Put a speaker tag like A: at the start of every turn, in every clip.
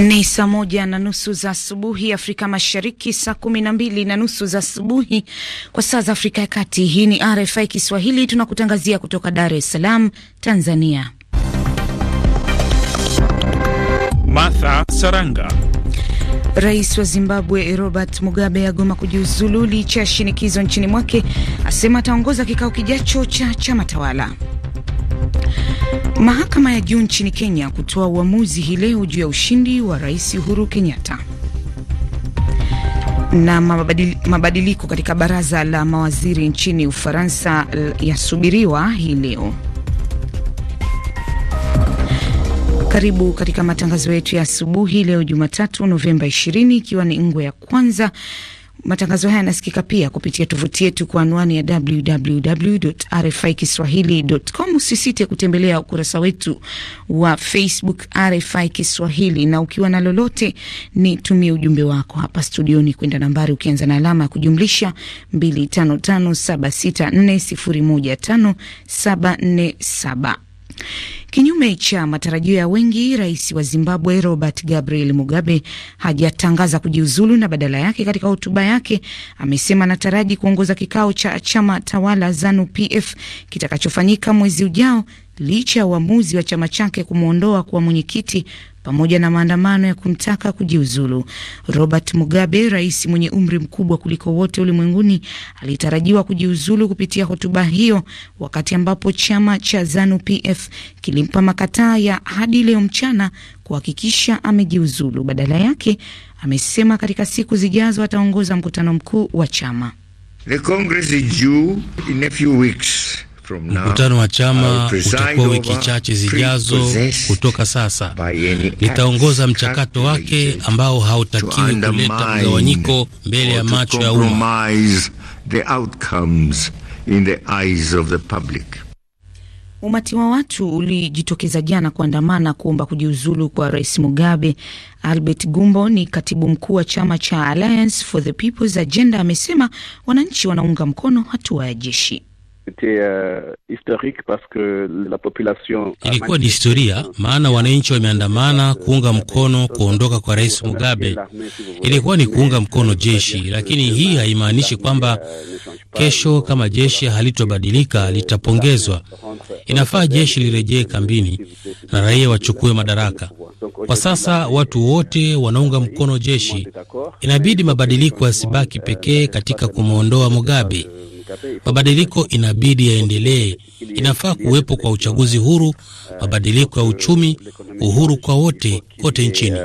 A: Ni saa moja na nusu za asubuhi Afrika Mashariki, saa kumi na mbili na nusu za asubuhi kwa saa za Afrika ya Kati. Hii ni RFI Kiswahili, tunakutangazia kutoka Dar es Salaam, Tanzania.
B: Martha Saranga.
A: Rais wa Zimbabwe Robert Mugabe agoma kujiuzulu licha ya shinikizo nchini mwake, asema ataongoza kikao kijacho cha chama tawala. Mahakama ya juu nchini Kenya kutoa uamuzi hii leo juu ya ushindi wa Rais Uhuru Kenyatta. Na mabadiliko katika baraza la mawaziri nchini Ufaransa yasubiriwa hii leo. Karibu katika matangazo yetu ya asubuhi leo Jumatatu Novemba 20 ikiwa ni ngwe ya kwanza Matangazo haya yanasikika pia kupitia tovuti yetu kwa anwani ya www RFI kiswahilicom. Usisite kutembelea ukurasa wetu wa Facebook RFI Kiswahili, na ukiwa na lolote ni tumie ujumbe wako hapa studioni kwenda nambari ukianza na alama ya kujumlisha 255764015747 Kinyume cha matarajio ya wengi, rais wa Zimbabwe Robert Gabriel Mugabe hajatangaza kujiuzulu, na badala yake katika hotuba yake amesema anataraji kuongoza kikao cha chama tawala ZANU PF kitakachofanyika mwezi ujao licha ya uamuzi wa chama chake kumwondoa kuwa mwenyekiti pamoja na maandamano ya kumtaka kujiuzulu. Robert Mugabe, rais mwenye umri mkubwa kuliko wote ulimwenguni, alitarajiwa kujiuzulu kupitia hotuba hiyo, wakati ambapo chama cha Zanu PF kilimpa makataa ya hadi leo mchana kuhakikisha amejiuzulu. Badala yake, amesema katika siku zijazo ataongoza mkutano mkuu wa chama.
C: The Congress is due in a few weeks. Mkutano wa chama utakuwa wiki chache zijazo
D: kutoka sasa. Nitaongoza mchakato wake ambao hautakiwi kuleta mgawanyiko
C: mbele ya macho ya umma.
A: Umati wa watu ulijitokeza jana kuandamana kuomba kujiuzulu kwa rais Mugabe. Albert Gumbo ni katibu mkuu wa chama cha Alliance for the People's Agenda, amesema wananchi wanaunga mkono hatua ya jeshi.
C: C'était euh, historique parce que la population ilikuwa ni
D: historia, maana wananchi wameandamana euh, kuunga mkono euh, kuondoka kwa Rais Mugabe. Ilikuwa ni kuunga mkono euh, jeshi, lakini hii haimaanishi kwamba kesho kama jeshi halitobadilika litapongezwa. Inafaa jeshi lirejee kambini na raia wachukue madaraka.
B: Kwa sasa
D: watu wote wanaunga mkono jeshi, inabidi mabadiliko yasibaki pekee katika kumwondoa Mugabe. Mabadiliko inabidi yaendelee. Inafaa kuwepo kwa uchaguzi huru, mabadiliko ya uchumi, uhuru kwa wote kote nchini.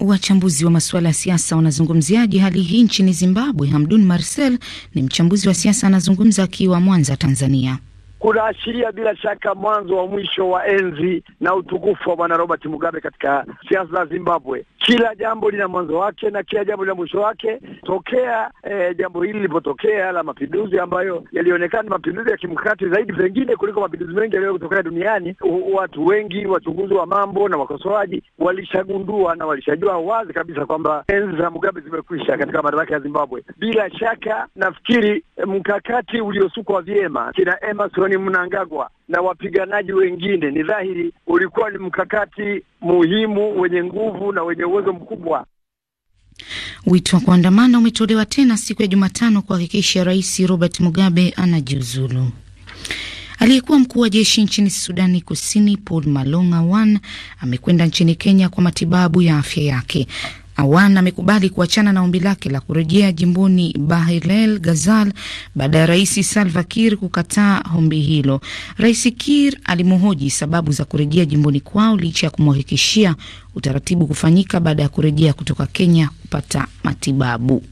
A: Wachambuzi wa masuala ya siasa wanazungumziaje hali hii nchini Zimbabwe? Hamdun Marcel ni mchambuzi wa siasa, anazungumza akiwa Mwanza, Tanzania
C: kunaashiria bila shaka mwanzo wa mwisho wa enzi na utukufu wa Bwana Robert Mugabe katika siasa za Zimbabwe. Kila jambo lina mwanzo wake na kila jambo lina mwisho wake. Tokea eh, jambo hili lilipotokea la mapinduzi ambayo yalionekana mapinduzi ya kimkakati zaidi pengine kuliko mapinduzi mengi yaliyo kutokea duniani, watu wengi, wachunguzi wa mambo na wakosoaji walishagundua na walishajua wazi kabisa kwamba enzi za Mugabe zimekwisha katika madaraka ya Zimbabwe. Bila shaka nafikiri mkakati uliosukwa vyema kina Emerson John Mnangagwa na wapiganaji wengine, ni dhahiri ulikuwa ni mkakati muhimu wenye nguvu na wenye uwezo mkubwa.
A: Wito wa kuandamana umetolewa tena siku ya Jumatano kuhakikisha Rais Robert Mugabe anajiuzulu. Aliyekuwa mkuu wa jeshi nchini Sudani Kusini Paul Malonga Wan amekwenda nchini Kenya kwa matibabu ya afya yake. Awan amekubali kuachana na ombi lake la kurejea jimboni Bahilel Gazal baada ya rais Salva kukataa ombi hilo. Rais kir alimhoji sababu za kurejea jimboni kwao licha ya kumhakikishia utaratibu kufanyika baada ya kurejea kutoka Kenya kupata matibabu.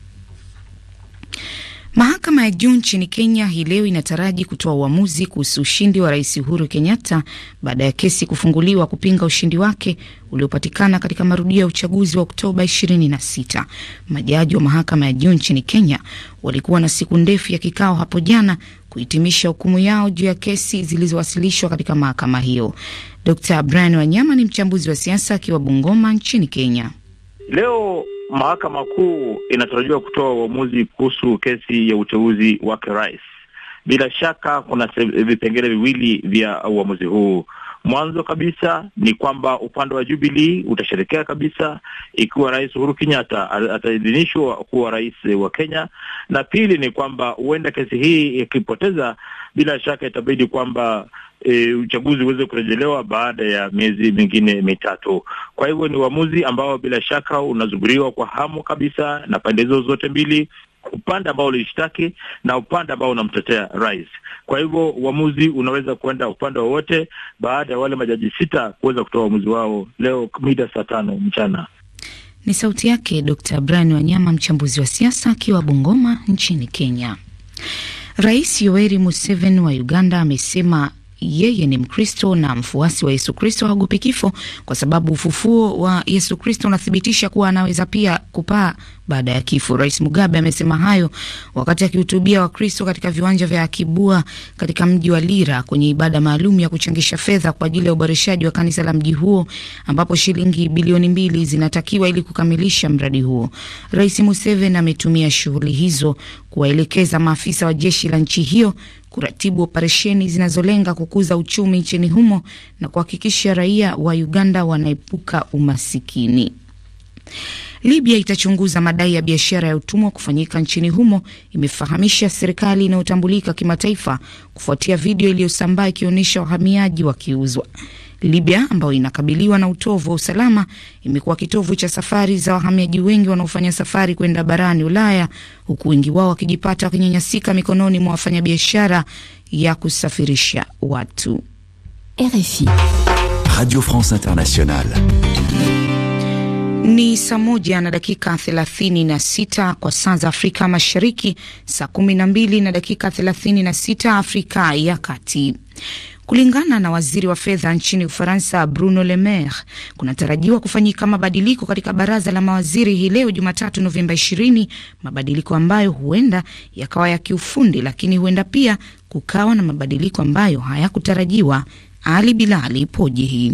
A: Mahakama ya juu nchini Kenya hii leo inataraji kutoa uamuzi kuhusu ushindi wa rais Uhuru Kenyatta baada ya kesi kufunguliwa kupinga ushindi wake uliopatikana katika marudio ya uchaguzi wa Oktoba 26. Majaji wa mahakama ya juu nchini Kenya walikuwa na siku ndefu ya kikao hapo jana kuhitimisha hukumu yao juu ya kesi zilizowasilishwa katika mahakama hiyo. Dr. Brian Wanyama ni mchambuzi wa siasa akiwa Bungoma nchini Kenya.
E: Leo mahakama kuu inatarajiwa kutoa uamuzi kuhusu kesi ya uteuzi wake rais. Bila shaka kuna vipengele viwili vya uamuzi huu. Mwanzo kabisa ni kwamba upande wa Jubilii utasherekea kabisa ikiwa Rais Uhuru Kenyatta ataidhinishwa kuwa rais wa Kenya, na pili ni kwamba huenda kesi hii ikipoteza, bila shaka itabidi kwamba E, uchaguzi uweze kurejelewa baada ya miezi mingine mitatu. Kwa hivyo ni uamuzi ambao bila shaka unazuguriwa kwa hamu kabisa na pande hizo zote mbili, upande ambao ulishtaki na upande ambao unamtetea rais. Kwa hivyo uamuzi unaweza kuenda upande wowote, baada ya wale majaji sita kuweza kutoa uamuzi wao leo mida saa tano mchana.
A: Ni sauti yake Dr. Brian Wanyama, mchambuzi wa siasa akiwa Bungoma nchini Kenya. Rais Yoweri Museveni wa Uganda amesema yeye ni Mkristo na mfuasi wa Yesu Kristo haogopi kifo, kwa sababu ufufuo wa Yesu Kristo unathibitisha kuwa anaweza pia kupaa baada ya kifo. Rais Mugabe amesema hayo wakati akihutubia Wakristo katika viwanja vya Akibua katika mji wa Lira kwenye ibada maalum ya kuchangisha fedha kwa ajili ya uboreshaji wa kanisa la mji huo ambapo shilingi bilioni mbili zinatakiwa ili kukamilisha mradi huo. Rais Museveni ametumia shughuli hizo kuwaelekeza maafisa wa jeshi la nchi hiyo kuratibu operesheni zinazolenga kukuza uchumi nchini humo na kuhakikisha raia wa Uganda wanaepuka umasikini. Libya itachunguza madai ya biashara ya utumwa kufanyika nchini humo, imefahamisha serikali inayotambulika kimataifa kufuatia video iliyosambaa ikionyesha wahamiaji wakiuzwa. Libya ambayo inakabiliwa na utovu wa usalama imekuwa kitovu cha safari za wahamiaji wengi wanaofanya safari kwenda barani Ulaya, huku wengi wao wakijipata wakinyanyasika mikononi mwa wafanyabiashara ya kusafirisha watu. RFI, Radio France Internationale. Ni saa moja na dakika 36 kwa saa za Afrika Mashariki, saa 12 na dakika 36 Afrika ya Kati. Kulingana na waziri wa fedha nchini Ufaransa, Bruno Le Maire, kunatarajiwa kufanyika mabadiliko katika baraza la mawaziri hii leo Jumatatu Novemba 20, mabadiliko ambayo huenda yakawa ya kiufundi, lakini huenda pia kukawa na mabadiliko ambayo hayakutarajiwa. Ali Bilali poji hii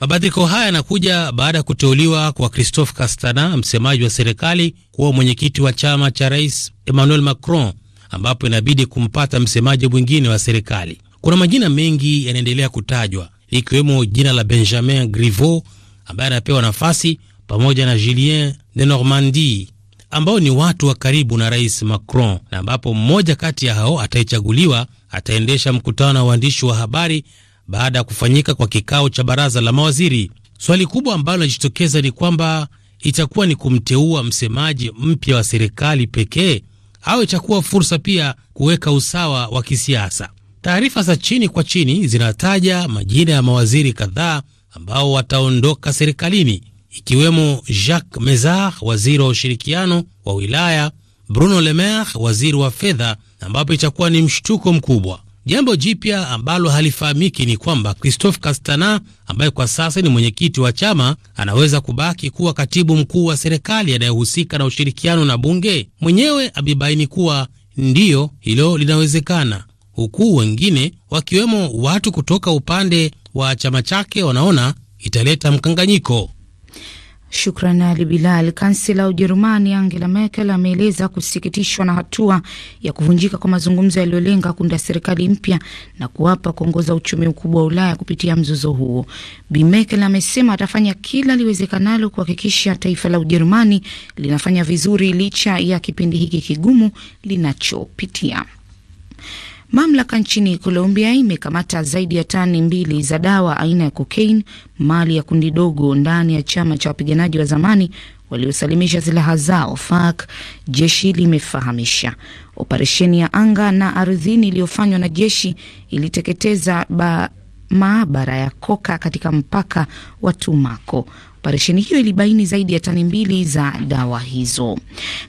D: Mabadiliko haya yanakuja baada ya kuteuliwa kwa Christophe Castana, msemaji wa serikali, kuwa mwenyekiti wa chama cha rais Emmanuel Macron, ambapo inabidi kumpata msemaji mwingine wa serikali. Kuna majina mengi yanaendelea kutajwa ikiwemo jina la Benjamin Griveaux ambaye anapewa nafasi pamoja na Julien de Normandie ambao ni watu wa karibu na Rais Macron, na ambapo mmoja kati ya hao atayechaguliwa ataendesha mkutano na waandishi wa habari baada ya kufanyika kwa kikao cha baraza la mawaziri. Swali kubwa ambalo linajitokeza ni kwamba itakuwa ni kumteua msemaji mpya wa serikali pekee au itakuwa fursa pia kuweka usawa wa kisiasa. Taarifa za chini kwa chini zinataja majina ya mawaziri kadhaa ambao wataondoka serikalini ikiwemo Jacques Mézard, waziri wa ushirikiano wa wilaya, Bruno Le Maire, waziri wa fedha, ambapo itakuwa ni mshtuko mkubwa. Jambo jipya ambalo halifahamiki ni kwamba Christophe Castana ambaye kwa sasa ni mwenyekiti wa chama anaweza kubaki kuwa katibu mkuu wa serikali anayehusika na ushirikiano na bunge. Mwenyewe amebaini kuwa ndiyo hilo linawezekana huku wengine wakiwemo watu kutoka upande wa chama chake wanaona italeta mkanganyiko.
A: Shukran Ali Bilal. Kansela wa Ujerumani Angela Merkel ameeleza kusikitishwa na hatua ya kuvunjika kwa mazungumzo yaliyolenga kuunda serikali mpya na kuwapa kuongoza uchumi mkubwa wa Ulaya kupitia mzozo huo. Bi Merkel amesema atafanya kila liwezekanalo kuhakikisha taifa la Ujerumani linafanya vizuri licha ya kipindi hiki kigumu linachopitia. Mamlaka nchini Colombia imekamata zaidi ya tani mbili za dawa aina ya kokaini, mali ya kundi dogo ndani ya chama cha wapiganaji wa zamani waliosalimisha silaha zao FARC, jeshi limefahamisha. Operesheni ya anga na ardhini iliyofanywa na jeshi iliteketeza ba maabara ya koka katika mpaka wa Tumaco. Operesheni hiyo ilibaini zaidi ya tani mbili za dawa hizo.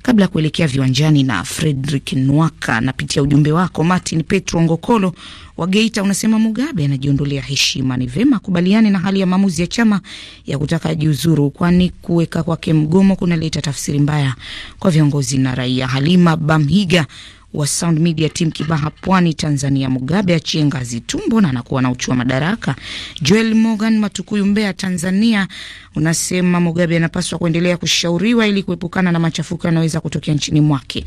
A: Kabla ya kuelekea viwanjani na Fredrick Nwaka, napitia ujumbe wako Martin Petro Ngokolo wa Geita, unasema Mugabe anajiondolea heshima. Ni vema kubaliani na hali ya maamuzi ya chama ya kutaka jiuzuru, kwani kuweka kwake mgomo kunaleta tafsiri mbaya kwa viongozi na raia. Halima Bamhiga wa Sound Media Team Kibaha, Pwani, Tanzania. Mugabe achie ngazi tumbo na anakuwa na uchua madaraka. Joel Morgan, Matukuyu, Mbeya, Tanzania, unasema Mugabe anapaswa kuendelea kushauriwa ili kuepukana na machafuko yanayoweza kutokea nchini mwake.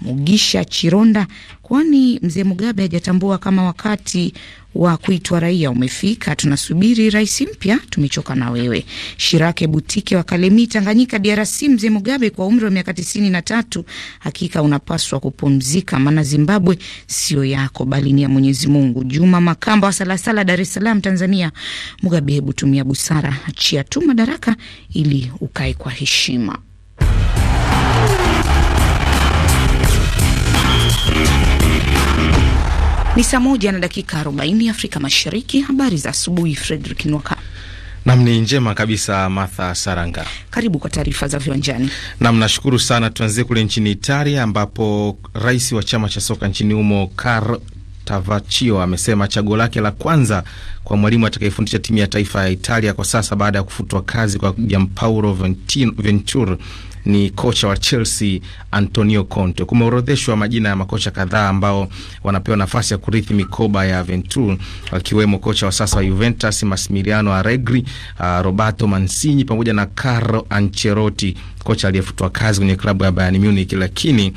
A: Mugisha Chironda, kwani mzee Mugabe hajatambua kama wakati wa kuitwa raia umefika. Tunasubiri rais mpya, tumechoka na wewe. Shirake Butike wa Kalemi, Tanganyika, DRC. Mzee Mugabe, kwa umri wa miaka tisini na tatu, hakika unapaswa kupumzika, maana Zimbabwe sio yako, bali ni ya Mwenyezi Mungu. Juma Makamba wa Salasala, Dar es Salaam, Tanzania. Mugabe, hebu tumia busara, achia tu madaraka ili ukae kwa heshima. Ni saa moja na dakika arobaini Afrika Mashariki. Habari za asubuhi, Fredrik Nwaka.
F: Nam ni njema kabisa, Martha Saranga,
A: karibu kwa taarifa za viwanjani.
F: Nam nashukuru sana. Tuanzie kule nchini Italia ambapo rais wa chama cha soka nchini humo Carlo Tavachio amesema chaguo lake la kwanza kwa mwalimu atakayefundisha timu ya taifa ya Italia kwa sasa baada ya kufutwa kazi kwa Gianpaolo Ventura ni kocha wa Chelsea Antonio Conte. Kumeorodheshwa majina ya makocha kadhaa ambao wanapewa nafasi ya kurithi mikoba ya Ventura, wakiwemo kocha wa sasa wa Juventus Massimiliano Allegri, uh, Roberto Mancini pamoja na Carlo Ancelotti kocha aliyefutwa kazi kwenye klabu ya Bayern Munich, lakini uh,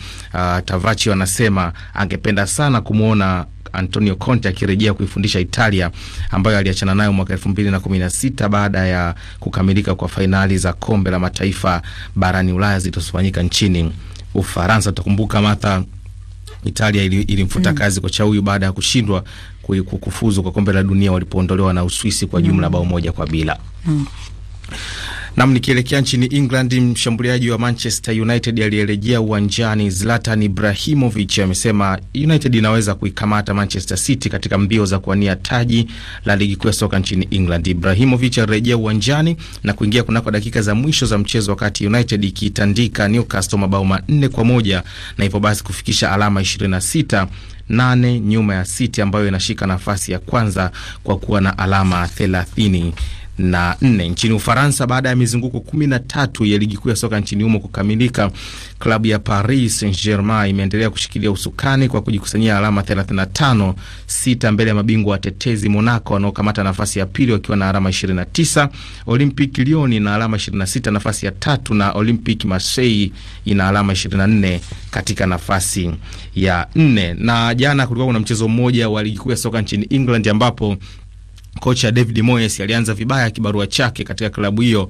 F: Tavachi wanasema angependa sana kumwona Antonio Conte akirejea kuifundisha Italia ambayo aliachana nayo mwaka sita baada ya kukamilika kwa fainali za kombe la mataifa barani Ulaya zilizofanyika nchini Ufaransa. Tutakumbuka Martha, Italia ilimfuta ili mm. kazi kocha huyu baada ya kushindwa kufuzu kwa kombe la dunia walipoondolewa na Uswisi kwa jumla mm. bao moja kwa bila mm. Nam, nikielekea nchini England, mshambuliaji wa Manchester United aliyerejea uwanjani Zlatan Ibrahimovic amesema United inaweza kuikamata Manchester City katika mbio za kuwania taji la ligi kuu ya soka nchini England. Ibrahimovic alirejea uwanjani na kuingia kunako dakika za mwisho za mchezo, wakati United ikiitandika Newcastle mabao manne kwa moja na hivyo basi kufikisha alama 26 nane nyuma ya City ambayo inashika nafasi ya kwanza kwa kuwa na alama thelathini na nne nchini Ufaransa. Baada ya mizunguko kumi na tatu ya ligi kuu ya soka nchini humo kukamilika, klabu ya Paris Saint Germain imeendelea kushikilia usukani kwa kujikusanyia alama 35, sita mbele ya mabingwa watetezi Monaco wanaokamata nafasi ya pili wakiwa na alama 29, Olympic Lyon ina alama 26 nafasi ya tatu, na Olympic Marseille ina alama 24 katika nafasi ya nne. Na jana kulikuwa kuna mchezo mmoja wa ligi kuu ya soka nchini England ambapo kocha David Moyes alianza vibaya kibarua chake katika klabu hiyo,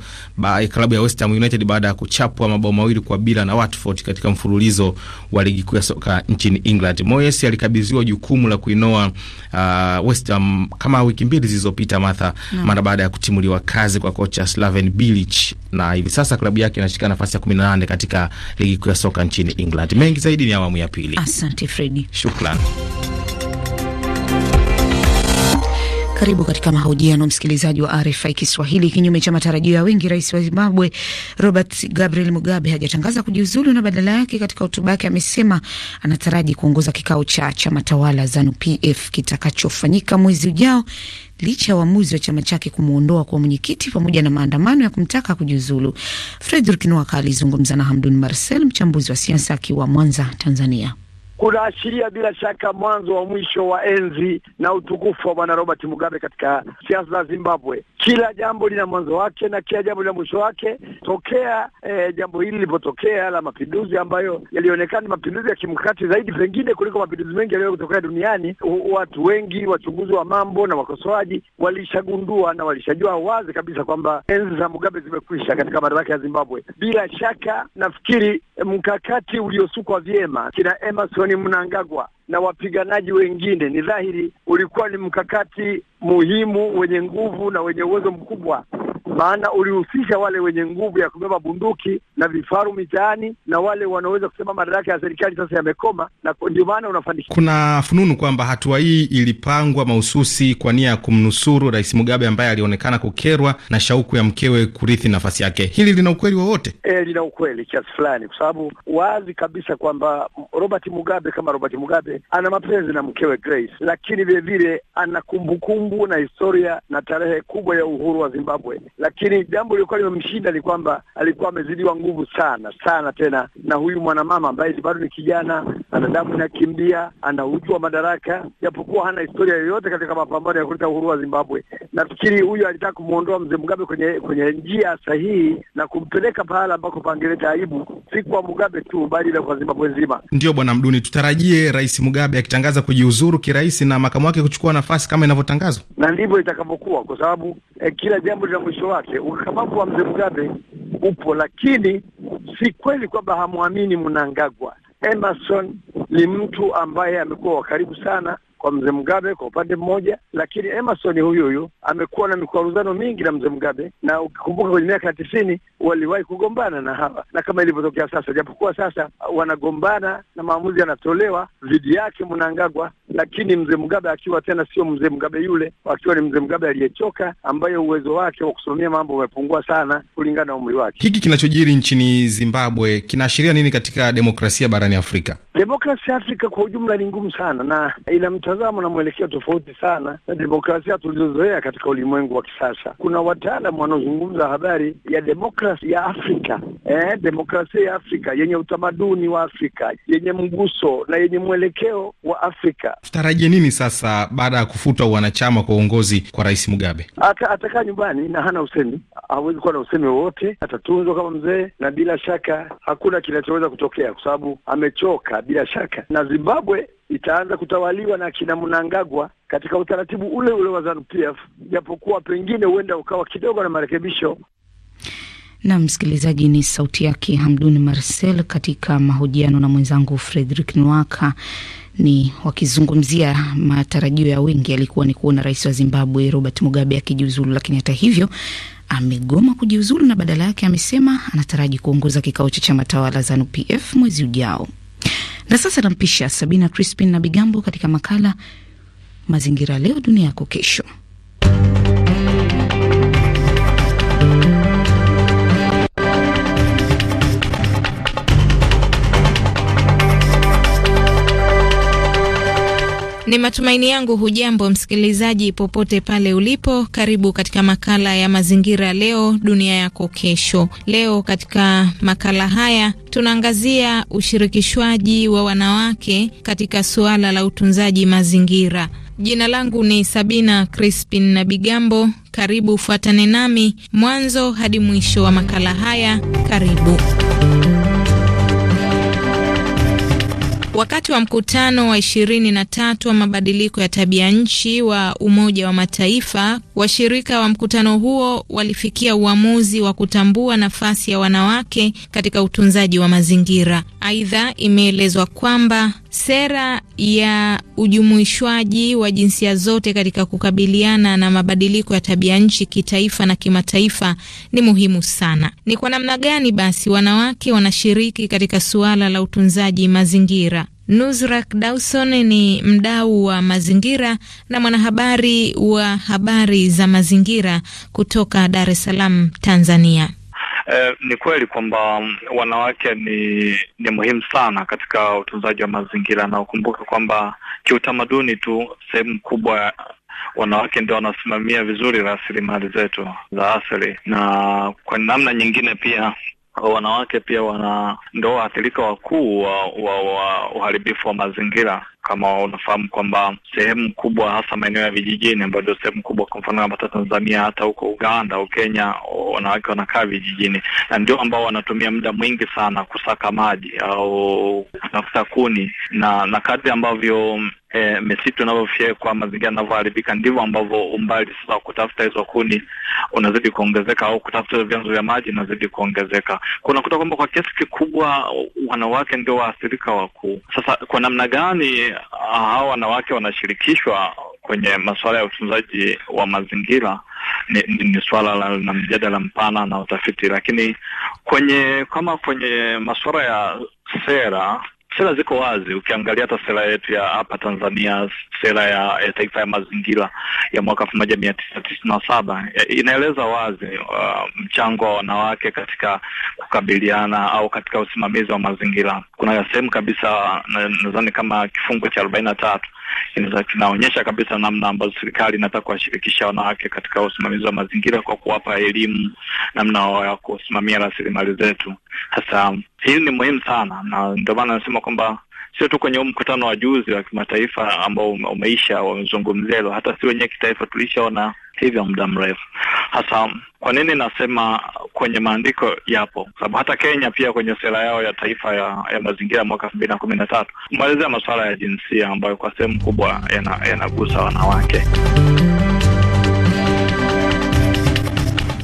F: klabu ya West Ham United baada ya kuchapwa mabao mawili kwa bila na Watford katika mfululizo wa ligi kuu ya soka nchini England. Moyes alikabidhiwa jukumu la kuinoa uh, West Ham kama wiki mbili zilizopita Martha, mara baada ya kutimuliwa kazi kwa kocha Slaven Bilic, na hivi sasa klabu yake inashika nafasi ya 18 katika ligi kuu ya soka nchini England. Mengi zaidi ni awamu ya pili. Asante Fredi, shukran.
A: Karibu katika mahojiano msikilizaji wa RFI Kiswahili. Kinyume cha matarajio ya wengi, rais wa Zimbabwe Robert Gabriel Mugabe hajatangaza kujiuzulu, na badala yake katika hotuba yake amesema anataraji kuongoza kikao cha chama tawala PF kitakachofanyika mwezi ujao licha ya uamuzi wa chama chake kumwondoa kwa mwenyekiti pamoja na maandamano ya kumtaka kujiuzulu. Fredrik Nwaka alizungumza na Hamdun Marcel, mchambuzi wa siasa akiwa Mwanza, Tanzania
C: kunaashiria bila shaka mwanzo wa mwisho wa enzi na utukufu wa Bwana Robert Mugabe katika siasa za Zimbabwe. Kila jambo lina mwanzo wake na kila jambo lina mwisho wake. Tokea eh, jambo hili lilipotokea la mapinduzi ambayo yalionekana ni mapinduzi ya kimkakati zaidi pengine kuliko mapinduzi mengi yaliyo kutokea duniani, watu wengi, wachunguzi wa mambo na wakosoaji walishagundua na walishajua wazi kabisa kwamba enzi za Mugabe zimekwisha katika madaraka ya Zimbabwe. Bila shaka nafikiri mkakati uliosukwa vyema kina Emerson ni Mnangagwa na wapiganaji wengine, ni dhahiri ulikuwa ni mkakati muhimu wenye nguvu na wenye uwezo mkubwa maana ulihusisha wale wenye nguvu ya kubeba bunduki na vifaru mitaani na wale wanaoweza kusema madaraka ya serikali sasa yamekoma, na ndio maana unafanikiwa.
F: Kuna fununu kwamba hatua hii ilipangwa mahususi kwa nia ya kumnusuru Rais Mugabe ambaye alionekana kukerwa na shauku ya mkewe kurithi nafasi yake. Hili lina ukweli wowote?
C: E, lina ukweli kiasi fulani, kwa sababu wazi kabisa kwamba Robert Mugabe kama Robert Mugabe Mzee ana mapenzi na mkewe Grace, lakini vilevile ana kumbukumbu na historia na tarehe kubwa ya uhuru wa Zimbabwe. Lakini jambo lilikuwa limemshinda ni kwamba alikuwa amezidiwa nguvu sana sana tena na huyu mwanamama ambaye bado ni kijana, ana damu inakimbia, ana uchu wa madaraka, japokuwa hana historia yoyote katika mapambano ya kuleta uhuru wa Zimbabwe. Nafikiri huyu alitaka kumwondoa mzee Mugabe kwenye kwenye njia sahihi na kumpeleka pahala ambako pangeleta aibu, si kwa Mugabe tu, bali na kwa Zimbabwe nzima.
F: ndio bwana Mduni, tutarajie rais Mugabe akitangaza kujiuzuru kirahisi na makamu wake kuchukua nafasi kama inavyotangazwa,
C: na ndivyo itakavyokuwa, kwa sababu eh, kila jambo lina mwisho wake. Ukakamavu wa mzee Mugabe upo, lakini si kweli kwamba hamwamini Mnangagwa. Emerson ni mtu ambaye amekuwa wa karibu sana kwa mzee Mugabe kwa upande mmoja, lakini Emerson huyu huyu amekuwa na mikwaruzano mingi na mzee Mugabe, na ukikumbuka kwenye miaka ya tisini waliwahi kugombana na hawa, na kama ilivyotokea sasa, japokuwa sasa wanagombana na maamuzi yanatolewa dhidi yake Mnangagwa lakini mzee Mugabe akiwa tena sio mzee Mugabe yule, akiwa ni mzee Mugabe aliyechoka, ambaye uwezo wake wa kusimamia mambo umepungua sana kulingana na umri wake.
F: Hiki kinachojiri nchini Zimbabwe kinaashiria nini katika demokrasia barani Afrika?
C: Demokrasia ya Afrika kwa ujumla ni ngumu sana na ina mtazamo na mwelekeo tofauti sana na demokrasia tulizozoea katika ulimwengu wa kisasa. Kuna wataalam wanaozungumza habari ya demokrasia ya Afrika, eh, demokrasia ya Afrika yenye utamaduni wa Afrika, yenye mguso na yenye mwelekeo wa Afrika.
F: Tutarajie nini sasa baada ya kufuta wanachama kwa uongozi kwa Rais Mugabe?
C: Atakaa nyumbani na hana usemi, hawezi kuwa na usemi wowote, atatunzwa kama mzee, na bila shaka hakuna kinachoweza kutokea kwa sababu amechoka bila shaka, na Zimbabwe itaanza kutawaliwa na akina Mnangagwa katika utaratibu ule ule wa ZANU PF, japokuwa pengine huenda ukawa kidogo na marekebisho.
A: Na msikilizaji, ni sauti yake Hamduni Marcel katika mahojiano na mwenzangu Fredrick Nwaka ni wakizungumzia matarajio ya wengi alikuwa ni kuona rais wa Zimbabwe Robert Mugabe akijiuzulu, lakini hata hivyo amegoma kujiuzulu na badala yake amesema anataraji kuongoza kikao cha chama tawala ZANUPF mwezi ujao. Na sasa nampisha Sabina Crispin na Bigambo katika makala Mazingira Leo Dunia Yako Kesho.
G: Ni matumaini yangu hujambo msikilizaji, popote pale ulipo. Karibu katika makala ya mazingira leo dunia yako kesho. Leo katika makala haya tunaangazia ushirikishwaji wa wanawake katika suala la utunzaji mazingira. Jina langu ni Sabina Crispin na Bigambo. Karibu, fuatane nami mwanzo hadi mwisho wa makala haya. Karibu. Wakati wa mkutano wa ishirini na tatu wa mabadiliko ya tabia nchi wa Umoja wa Mataifa, washirika wa mkutano huo walifikia uamuzi wa kutambua nafasi ya wanawake katika utunzaji wa mazingira. Aidha, imeelezwa kwamba sera ya ujumuishwaji wa jinsia zote katika kukabiliana na mabadiliko ya tabia nchi kitaifa na kimataifa ni muhimu sana. Ni kwa namna gani basi wanawake wanashiriki katika suala la utunzaji mazingira? Nuzrak Dawson ni mdau wa mazingira na mwanahabari wa habari za mazingira kutoka Dar es Salaam, Tanzania.
E: Eh, ni kweli kwamba mm, wanawake ni ni muhimu sana katika utunzaji wa mazingira, na ukumbuke kwamba kiutamaduni tu sehemu kubwa wanawake ndio wanasimamia vizuri rasilimali zetu za asili, na kwa namna nyingine pia wanawake pia wana ndo waathirika wakuu wa, wa, wa uharibifu wa mazingira. Kama unafahamu kwamba sehemu kubwa hasa maeneo ya vijijini, ambayo ndio sehemu kubwa, kwa mfano kama Tanzania, hata huko Uganda au Kenya, wanawake wanakaa vijijini na ndio ambao wanatumia muda mwingi sana kusaka maji au kutafuta kuni na na kadri ambavyo e, misitu inavyofyekwa, mazingira yanavyoharibika, ndivyo ambavyo umbali sasa wa kutafuta hizo kuni unazidi kuongezeka, au kutafuta vyanzo vya maji unazidi kuongezeka. Unakuta kwamba kwa kiasi kikubwa wanawake ndio waathirika wakuu. Sasa kwa namna gani ah, hawa wanawake wanashirikishwa kwenye masuala ya utunzaji wa mazingira ni, ni, ni swala la, la mjadala mpana na utafiti, lakini kwenye kama kwenye masuala ya sera sera ziko wazi. Ukiangalia hata sera yetu ya hapa Tanzania, sera ya, ya taifa ya mazingira ya mwaka elfu moja mia tisa tisini na saba inaeleza wazi uh, mchango wa wanawake katika kukabiliana au katika usimamizi wa mazingira. Kuna sehemu kabisa nadhani kama kifungu cha arobaini na tatu tunaonyesha kabisa namna ambazo serikali inataka kuwashirikisha wanawake katika usimamizi wa mazingira kwa kuwapa elimu namna ya kusimamia rasilimali zetu. Sasa hili ni muhimu sana, na ndio maana anasema kwamba sio tu kwenye huu mkutano wa juzi wa kimataifa ambao umeisha, wamezungumzia hilo, hata si wenyewe kitaifa tulishaona hivyo muda mrefu. Hasa kwa nini nasema kwenye maandiko yapo? Sababu hata Kenya pia kwenye sera yao ya taifa ya, ya mazingira mwaka elfu mbili na kumi na tatu umeelezea masuala ya jinsia ambayo kwa sehemu kubwa yanagusa yana wanawake.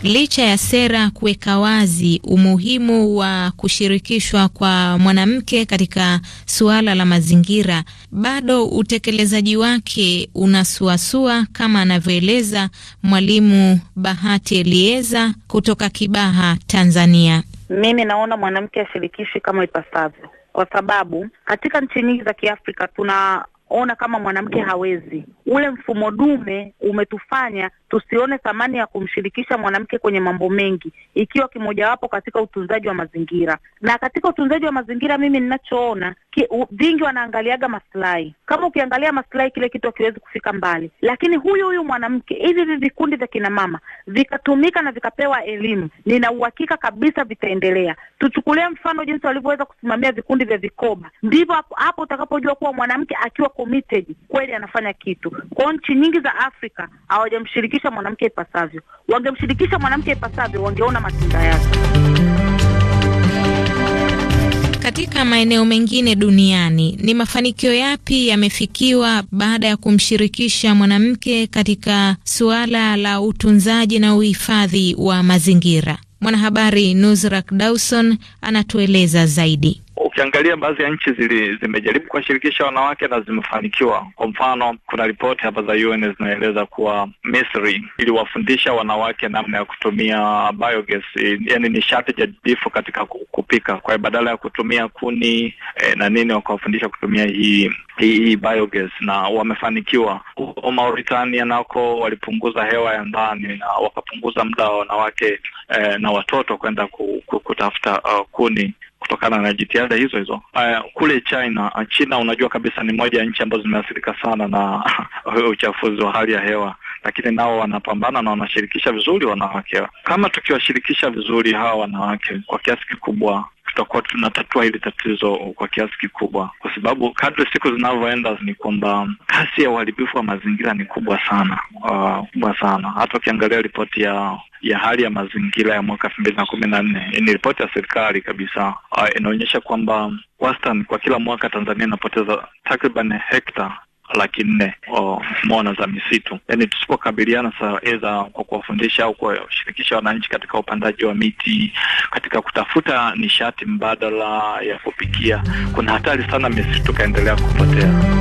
G: Licha ya sera kuweka wazi umuhimu wa kushirikishwa kwa mwanamke katika suala la mazingira, bado utekelezaji wake unasuasua, kama anavyoeleza mwalimu Bahati Elieza kutoka Kibaha, Tanzania.
H: Mimi naona mwanamke ashirikishwi kama ipasavyo, kwa sababu katika nchi nyingi za Kiafrika tuna ona kama mwanamke hawezi. Ule mfumo dume umetufanya tusione thamani ya kumshirikisha mwanamke kwenye mambo mengi, ikiwa kimojawapo katika utunzaji wa mazingira. Na katika utunzaji wa mazingira, mimi ninachoona vingi wanaangaliaga maslahi. Kama ukiangalia maslahi, kile kitu hakiwezi kufika mbali. Lakini huyu huyu mwanamke, hivi hivi vikundi vya kina mama vikatumika na vikapewa elimu, nina uhakika kabisa vitaendelea. Tuchukulie mfano jinsi walivyoweza kusimamia vikundi vya vikoba, ndivyo hapo utakapojua kuwa mwanamke akiwa committed kweli anafanya kitu. Kwa nchi nyingi za Afrika
G: hawajamshirikisha kumshirikisha mwanamke ipasavyo. Wangemshirikisha mwanamke ipasavyo, wangeona matunda yake. Katika maeneo mengine duniani, ni mafanikio yapi yamefikiwa baada ya kumshirikisha mwanamke katika suala la utunzaji na uhifadhi wa mazingira? Mwanahabari Nusrak Dawson anatueleza zaidi
E: ukiangalia baadhi ya nchi zili, zimejaribu kuwashirikisha wanawake na zimefanikiwa. Kwa mfano, kuna ripoti hapa za UN zinaeleza kuwa Misri iliwafundisha wanawake namna ya kutumia biogas, yani nishati jadidifu katika kupika. Kwa hiyo badala ya kutumia kuni eh, na nini, wakawafundisha kutumia hii hii, biogas na wamefanikiwa. O Mauritania nako walipunguza hewa ya ndani na wakapunguza muda wa wanawake eh, na watoto kwenda ku, ku, kutafuta uh, kuni kutokana na jitihada hizo hizo uh, kule China. China unajua kabisa ni moja ya nchi ambazo zimeathirika sana na uchafuzi wa hali ya hewa, lakini nao wanapambana na wanashirikisha vizuri wanawake. Kama tukiwashirikisha vizuri hawa wanawake kwa kiasi kikubwa, tutakuwa tunatatua hili tatizo kwa kiasi kikubwa, kwa sababu kadri siku zinavyoenda ni kwamba kasi ya uharibifu wa mazingira ni kubwa sana, uh, kubwa sana. Hata ukiangalia ripoti ya ya hali ya mazingira ya mwaka elfu mbili na kumi na nne ni ripoti ya serikali kabisa, uh, inaonyesha kwamba wastani kwa kila mwaka Tanzania inapoteza takriban hekta laki nne mona za misitu. Yani tusipokabiliana sasa, edha kwa kuwafundisha au kuwashirikisha wananchi katika upandaji wa miti, katika kutafuta nishati mbadala ya kupikia, kuna hatari sana misitu ukaendelea kupotea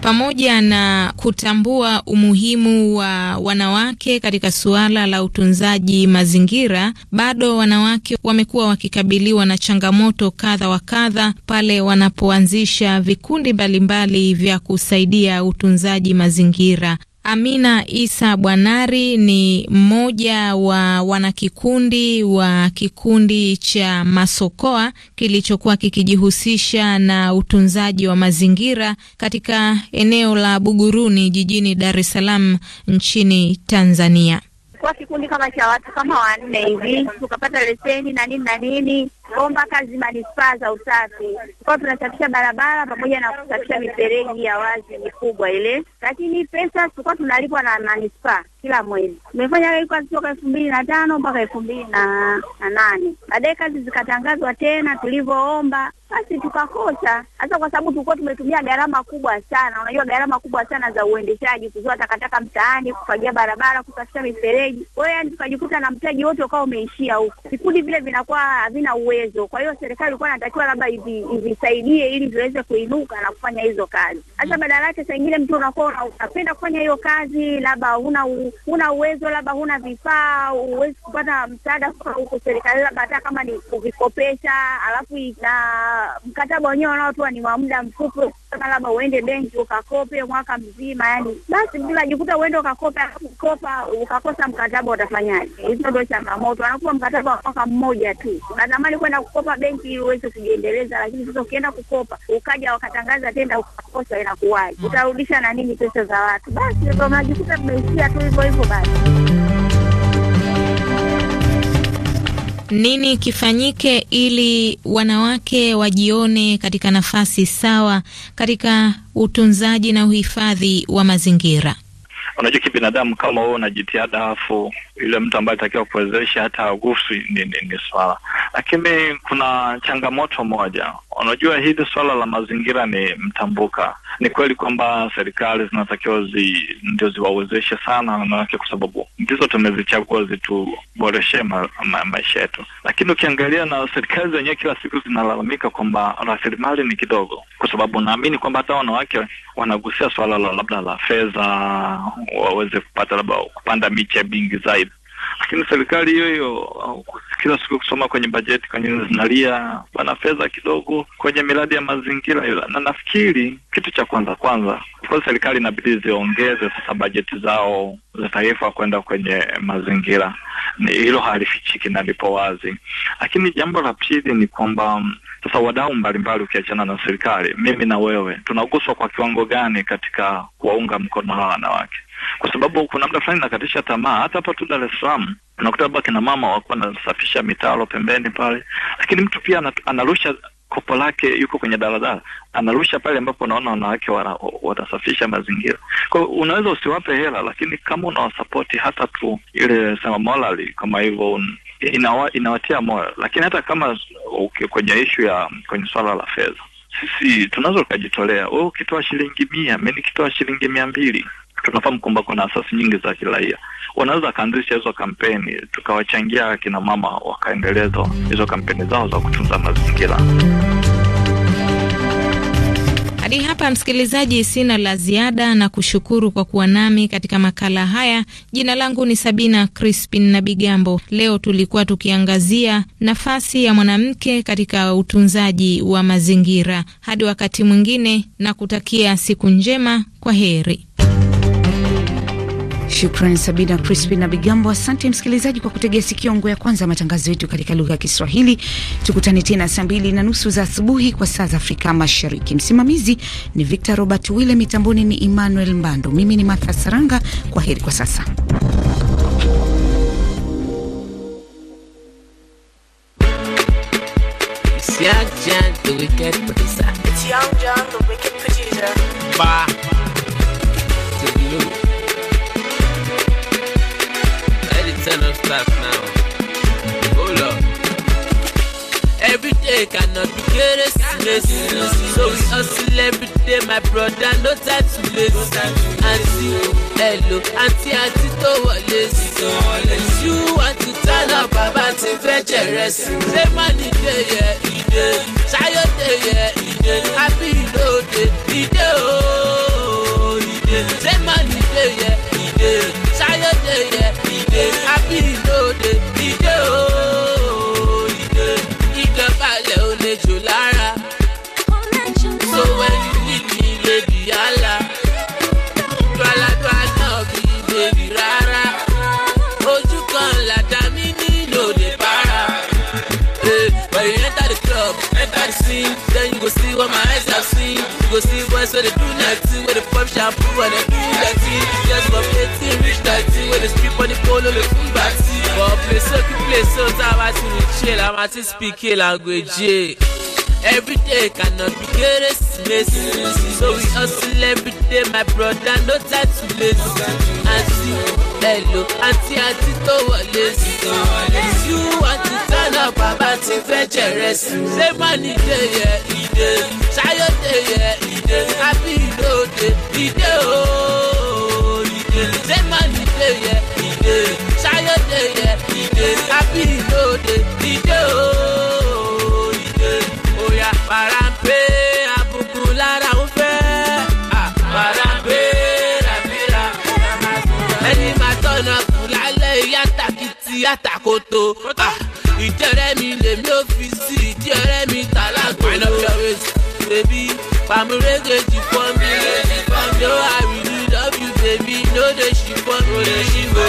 G: pamoja na kutambua umuhimu wa wanawake katika suala la utunzaji mazingira, bado wanawake wamekuwa wakikabiliwa na changamoto kadha wa kadha pale wanapoanzisha vikundi mbalimbali vya kusaidia utunzaji mazingira. Amina Isa Bwanari ni mmoja wa wanakikundi wa kikundi cha Masokoa kilichokuwa kikijihusisha na utunzaji wa mazingira katika eneo la Buguruni jijini Dar es Salaam nchini Tanzania kwa kikundi kama cha watu
H: kama wanne hivi, tukapata leseni na nini na nini, kazi manispaa za usafi kwa tunasafisha barabara pamoja na kusafisha mifereji ya wazi mikubwa ile, lakini pesa tulikuwa tunalipwa na manispaa kila mwezi. Tumefanya kazi toka elfu mbili na tano mpaka elfu mbili na nane. Baadaye kazi zikatangazwa tena tulivyoomba, basi tukakosa. hasa kwa sababu tulikuwa tumetumia gharama kubwa sana, unajua gharama kubwa sana za uendeshaji, kuzoa takataka mtaani, kufagia barabara, kusafisha mifereji. Kwa hiyo yani tukajikuta na mtaji wote ukawa umeishia huko, vikundi vile vinakuwa havina uwezo. Kwa hiyo serikali ilikuwa inatakiwa labda ivisaidie ili viweze kuinuka na kufanya hizo kazi. hasa badala yake saa ingine mtu unakuwa unapenda kufanya hiyo kazi, labda huna huna uwezo, labda huna vifaa, huwezi kupata msaada kutoka huko serikali, labda hata kama ni kuvikopesha, alafu na mkataba wenyewe wanaotoa ni wa muda mfupi kama labda uende benki ukakope mwaka mzima, yani basi jikuta uende ukakopa ukopa ukakosa mkataba, utafanyaje? Hizo ndio changamoto. wanakupa mkataba wa mwaka mmoja tu, unatamani kwenda kukopa benki ili uweze kujiendeleza, lakini sasa ukienda kukopa ukaja wakatangaza tenda ukakosa, inakuwaje? Utarudisha na nini pesa
G: za watu? Basi ndio unajikuta tumeishia tu hivyo hivyo basi. Nini kifanyike ili wanawake wajione katika nafasi sawa katika utunzaji na uhifadhi wa mazingira?
E: Unajua, kibinadamu kama wewe una jitihada, alafu yule mtu ambaye atakiwa kuwezesha hata aguswi, ni, ni, ni swala. Lakini kuna changamoto moja Unajua, hili swala la mazingira ni mtambuka. Ni kweli kwamba serikali zinatakiwa zi, ndio ziwawezeshe sana wanawake, kwa sababu ndizo tumezichagua zituboreshe ma, ma, maisha yetu, lakini ukiangalia na serikali zenyewe kila siku zinalalamika kwamba rasilimali ni kidogo, kwa sababu naamini kwamba hata wanawake wanagusia swala la labda la fedha, waweze kupata labda kupanda miche mingi zaidi lakini serikali hiyo hiyo kila siku kusoma kwenye bajeti kwenye zinalia pana fedha kidogo kwenye miradi ya mazingira hiyo, na nafikiri kitu cha kwanza kwanza kwa serikali inabidi ziongeze sasa bajeti zao za taifa kwenda kwenye mazingira, ni hilo halifichiki na lipo wazi. Lakini jambo la pili ni kwamba mm, sasa wadau mbalimbali, ukiachana na serikali, mimi na wewe tunaguswa kwa kiwango gani katika kuwaunga mkono hawa wanawake? kwa sababu kuna mda fulani nakatisha tamaa. Hata hapa tu Dar es Salaam unakuta labda kina mama wakuwa wanasafisha mitaro pembeni pale, lakini mtu pia anarusha kopo lake, yuko kwenye daladala anarusha pale ambapo unaona wanawake watasafisha mazingira. Kwa hiyo unaweza usiwape hela, lakini kama unawasapoti hata tu ile sema morali kama hivyo inawa, inawatia moyo. Lakini hata kama okay, kwenye ishu ya kwenye swala la fedha sisi tunaweza ukajitolea, wewe ukitoa shilingi mia, mi nikitoa shilingi mia mbili tunafahamu kwamba kuna asasi nyingi za kiraia, wanaweza wakaanzisha hizo kampeni, tukawachangia akinamama mama wakaendeleza hizo kampeni zao za kutunza mazingira.
G: Hadi hapa msikilizaji, sina la ziada na kushukuru kwa kuwa nami katika makala haya. Jina langu ni Sabina Crispin na Bigambo. Leo tulikuwa tukiangazia nafasi ya mwanamke katika utunzaji wa mazingira. Hadi wakati mwingine, na kutakia siku njema. Kwa heri. Shukrani Sabina Crispin na Bigambo. Asante msikilizaji kwa kutegea
A: sikio nguo ya kwanza matangazo yetu katika lugha ya Kiswahili. Tukutane tena saa mbili na nusu za asubuhi kwa saa za Afrika Mashariki. Msimamizi ni Victor Robert Wille, mitamboni ni Emmanuel Mbando, mimi ni Martha Saranga. Kwa heri kwa sasa.
B: yourself now. Hold up. Every day cannot be Keresimesi. So we hustle every day, my brother, no time to lazy. Aunty, hello, auntie, auntie, don't worry. You want to turn up, bàbá ti fẹ́ jẹ̀rẹ̀ sí. Ṣé mọ́nì dé yẹ ìdè? Ṣáyọ̀ dé yẹ ìdè? Àbí ìlóde ìdè ooo ìdè? Ṣé mọ́nì dé Happy dey yeah. no dey But you enter the club, enter the scene, then you go see what my eyes have seen. You go see boys where they do nothing, where they pump shampoo and they do nothing. Just for 18, reach 30, where they strip on the polo, they come back to you. But play so, keep play so, time I see me chill, I'm at to speak a language, Every day cannot be Christmas, so we hustle every day, my brother, no time to listen. I see hello àǹtí àǹtí tó wọlé sí gan. you want to tell her bàbá ti fẹ́ jẹ̀rẹ̀ sí. ṣé mọ́ni dé yẹ ìdè ṣayọ́dé yẹ ìdè àbí ìlóde ìdè ooo ìdè ṣé mọ́ni dé yẹ ìdè ṣayọ́dé yẹ ìdè àbí ìlóde ìdè ooo ìdè oya parampé. sí àtàkótó. Ah, ìdí ọ̀rẹ́ mi lèmi ò fi sí ìdí ọ̀rẹ́ mi tà lágbo. I know your ways baby pàmùrẹ́gẹ̀ ti pọ̀ mi. no I really love you baby no dey she pọ̀ mi. no she go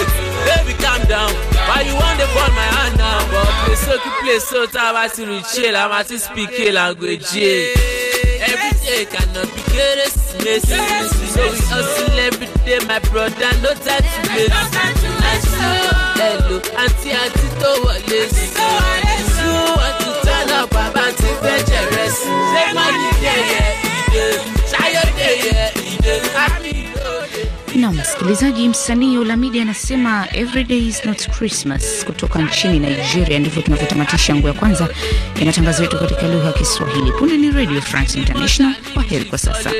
B: baby calm down why you wan dey fall my hand now. but play so keep play so tá a bá ti rí chill a máa ti speak a language. Yeah. Every day cannot be Kérésìmesì. So we hustle every day, my brother, no time to waste. hello àǹtí àti tó wọlé sí i wọn ti tọ́lá bàbá ti fẹ́ jẹ̀rẹ̀ sí i ṣé mọ́ni dẹ̀yẹ ìdè ṣayọ́dẹ̀yẹ ìdè kámi
A: Na msikilizaji, msanii Olamide anasema everyday is not Christmas kutoka nchini Nigeria. Ndivyo tunavyotamatisha nguo ya kwanza ya matangazo yetu katika lugha ya Kiswahili. Punde ni Radio France International. Kwa heri kwa sasa.